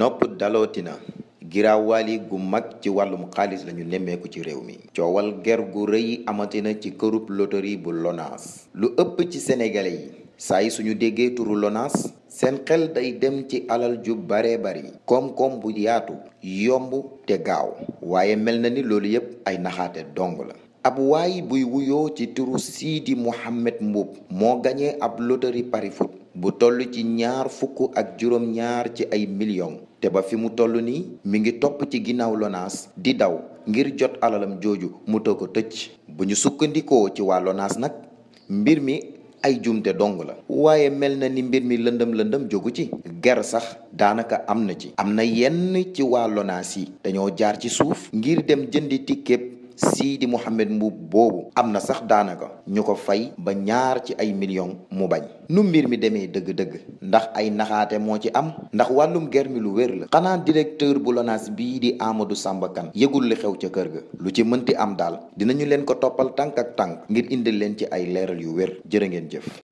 nopp na giraawaali gu mag ci wàllum xaalis lañu nemmeeku ci réew mi coowal ger gu rëy amatina ci kërub loterie bu Lonase lu ëpp ci sénégalais yi saa yi suñu déggee turu Lonase seen xel day dem ci alal ju bare bari koom-koom bu yaatu yomb te gaaw waaye mel na ni loolu yépp ay naxaate dong la ab waay buy wuyoo ci turu Sidi Mohamed Mboup moo gañee ab loterie Pari Foot bu toll ci ñaar fukk ak juróom-ñaar ci ay millions te ba fi mu toll nii mi ngi topp ci ginnaaw lonaas di daw ngir jot alalam jooju mu ko tëj bu ñu sukkandikoo ci waa Lonase nag mbir mi ay jumte dong la waaye mel na ni mbir mi lëndëm lëndëm jogu ci ger sax daanaka am na ci am na yenn ci waa Lonase yi dañoo jaar ci suuf ngir dem jëndi ticket Sidi Mouhamed Mbuub boobu am na sax daanaka ñu ko fay ba ñaar ci ay millions mu bañ nu mbir mi demee dëgg-dëgg ndax ay naxaate moo ci am ndax wàllum ger lu wér la xanaa directeur bu LONASE bii di Amadou Samba Kane yëgul li xew ca kër ga lu ci mënti am daal dinañu leen ko toppal tànk ak tànk ngir indi leen ci ay leeral yu wér jërë ngeen jëf